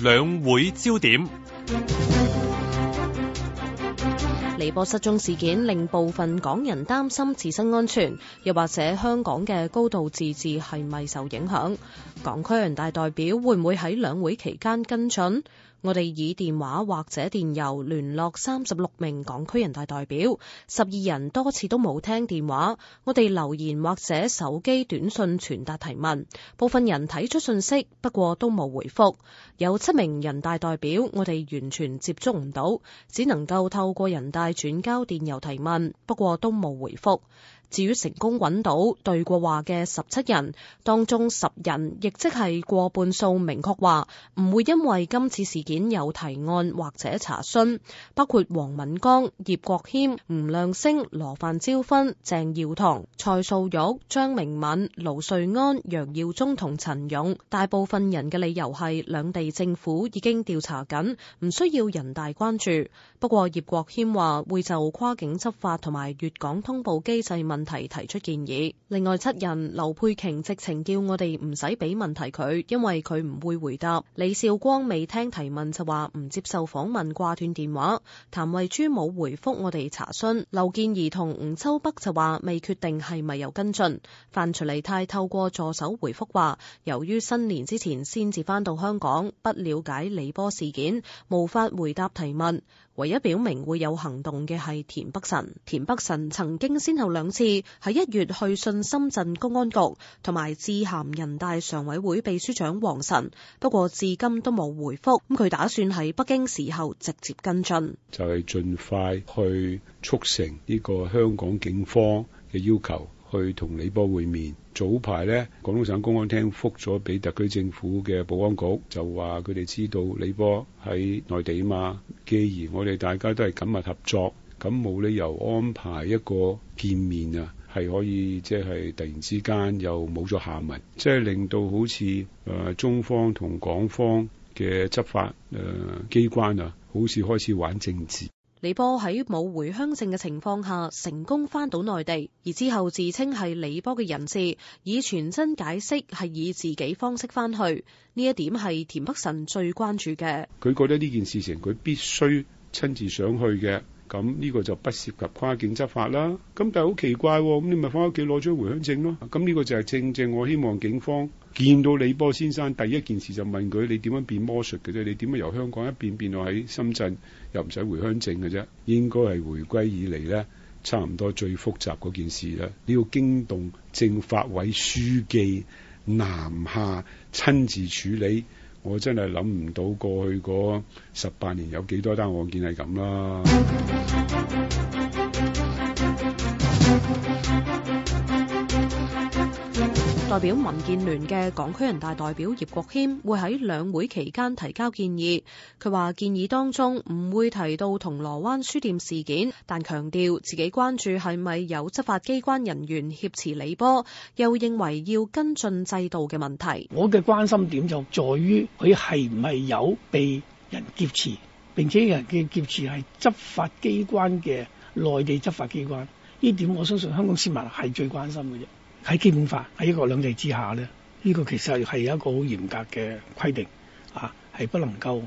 兩會焦點，李波失蹤事件令部分港人擔心自身安全，又或者香港嘅高度自治係咪受影響？港區人大代表會唔會喺兩會期間跟進？我哋以電話或者電郵聯絡三十六名港區人大代表，十二人多次都冇聽電話。我哋留言或者手機短信傳達提問，部分人睇出信息，不過都冇回覆。有七名人大代表，我哋完全接觸唔到，只能夠透過人大轉交電郵提問，不過都冇回覆。至於成功揾到對過話嘅十七人，當中十人亦即係過半數，明確話唔會因為今次事件有提案或者查詢，包括黃敏剛、葉國謙、吳亮星、羅范椒芬、鄭耀棠、蔡素玉、張明敏、盧瑞安、楊耀忠同陳勇。大部分人嘅理由係兩地政府已經調查緊，唔需要人大關注。不過葉國謙話會就跨境執法同埋粵港通報機制問問題，提出建議。另外七人，劉佩瓊直情叫我哋唔使俾問題佢，因為佢唔會回答。李少光未聽提問就話唔接受訪問，掛斷電話。譚慧珠冇回覆我哋查詢。劉健儀同吳秋北就話未決定係咪有跟進。范徐麗泰透過助手回覆話由於新年之前先至翻到香港，不了解李波事件，無法回答提問。唯一表明會有行動嘅係田北辰。田北辰曾經先後兩次喺一月去信深圳公安局同埋致函人大常委會秘書長王晨，不過至今都冇回覆。咁佢打算喺北京時候直接跟進，就係盡快去促成呢個香港警方嘅要求。去同李波會面。早排呢，廣東省公安廳覆咗俾特區政府嘅保安局，就話佢哋知道李波喺內地嘛。既然我哋大家都係緊密合作，咁冇理由安排一個見面啊，係可以即係、就是、突然之間又冇咗下文，即、就、係、是、令到好似誒、呃、中方同港方嘅執法誒機、呃、關啊，好似開始玩政治。李波喺冇回鄉證嘅情況下成功翻到內地，而之後自稱係李波嘅人士以傳真解釋係以自己方式翻去，呢一點係田北辰最關注嘅。佢覺得呢件事情佢必須親自上去嘅。咁呢個就不涉及跨境執法啦。咁但係好奇怪、哦，咁你咪翻屋企攞張回鄉證咯。咁、啊、呢個就係正正我希望警方見到李波先生第一件事就問佢：你點樣變魔術嘅啫？你點樣由香港一變變到喺深圳又唔使回鄉證嘅啫？應該係回歸以嚟呢，差唔多最複雜嗰件事啦。你、這、要、個、驚動政法委書記南下親自處理。我真係諗唔到過去嗰十八年有幾多單案件係咁啦。 代表民建聯嘅港區人大代表葉國謙會喺兩會期間提交建議，佢話建議當中唔會提到銅鑼灣書店事件，但強調自己關注係咪有執法機關人員挾持李波，又認為要跟進制度嘅問題。我嘅關心點就在於佢係唔係有被人劫持，並且人嘅劫持係執法機關嘅內地執法機關，呢點我相信香港市民係最關心嘅啫。喺基本法喺一國兩制之下咧，呢、呢個其實係有一個好嚴格嘅規定，啊，係不能夠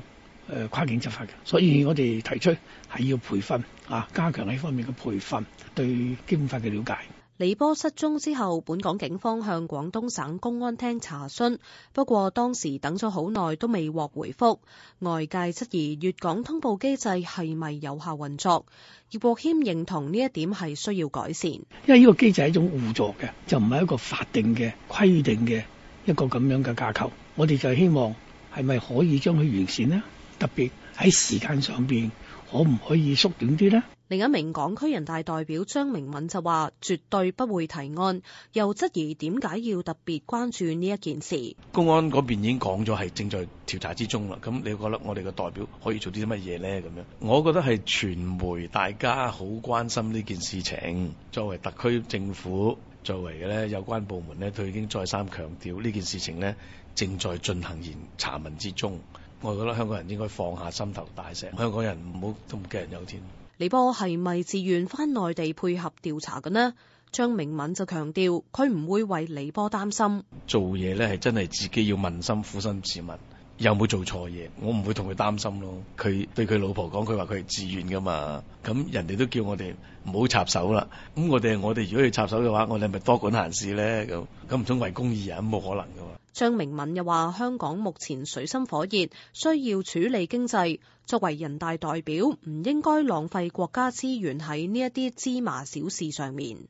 誒跨境執法嘅。所以我哋提出係要培訓啊，加強呢方面嘅培訓，對基本法嘅了解。李波失蹤之後，本港警方向廣東省公安廳查詢，不過當時等咗好耐都未獲回覆，外界質疑粵港通報機制係咪有效運作？葉國謙認同呢一點係需要改善，因為呢個機制係一種互助嘅，就唔係一個法定嘅規定嘅一個咁樣嘅架構。我哋就希望係咪可以將佢完善呢？特別喺時間上邊，可唔可以縮短啲呢？另一名港區人大代表張明敏就話：絕對不會提案，又質疑點解要特別關注呢一件事。公安嗰邊已經講咗係正在調查之中啦。咁你覺得我哋嘅代表可以做啲乜嘢呢？咁樣，我覺得係傳媒大家好關心呢件事情。作為特區政府，作為嘅咧有關部門咧，都已經再三強調呢件事情呢正在進行研查問之中。我覺得香港人應該放下心頭大石，香港人唔好都唔杞人憂天。李波係咪自願返內地配合調查嘅呢？張明敏就強調，佢唔會為李波擔心。做嘢咧係真係自己要問心苦心自問，有冇做錯嘢，我唔會同佢擔心咯。佢對佢老婆講，佢話佢係自願噶嘛。咁人哋都叫我哋唔好插手啦。咁我哋我哋如果要插手嘅話，我哋咪多管閒事咧。咁咁唔通為公義啊？冇可能噶。張明敏又話：香港目前水深火熱，需要處理經濟。作為人大代表，唔應該浪費國家資源喺呢一啲芝麻小事上面。